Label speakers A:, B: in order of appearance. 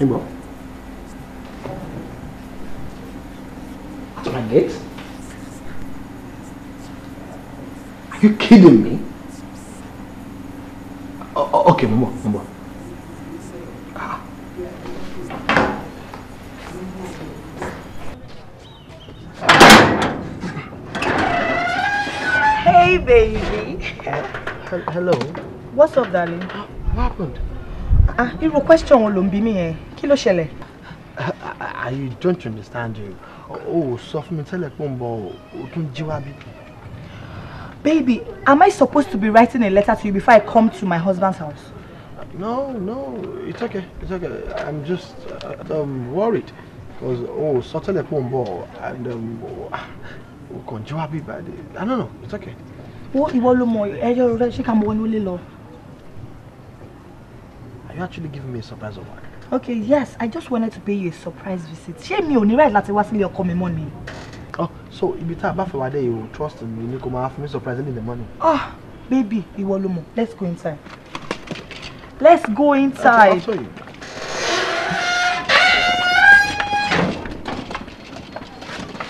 A: Níbo?
B: At my gate?
C: Are you kidding me? O oh, okay, mo ń
B: Hey, baby. Hello. What's up, darling? What happened? ah irú question wo ló ń bí mi yẹn kí ló ṣẹlẹ̀.
A: I don't understand you o sọ fún mi tẹ́lẹ̀ pé ń bọ̀ o tún jí wá bí.
B: Baby, am I supposed to be writing a letter to you before I come to my husband's house?
A: No, no, it's okay, it's okay. I'm just uh, um, worried because oh, suddenly phone ball and um, the. I don't know, it's okay.
B: Wọ́n ìwọ ló mọ ẹjọ́ rẹ ṣé ká mọ wọnú lé lọ
A: you actually giving me a surprise of work.
B: Okay, yes, I just wanted to pay you a surprise visit. Shame mi only ní right láti wá sílé ọkọ mi
A: Oh, so ibi tá a bá fẹ́ You dé yìí trust me, you come máa fún mi surprise in the morning.
B: Ah, baby, ìwọ ló let's go inside. Let's go inside. I'll, I'll show you.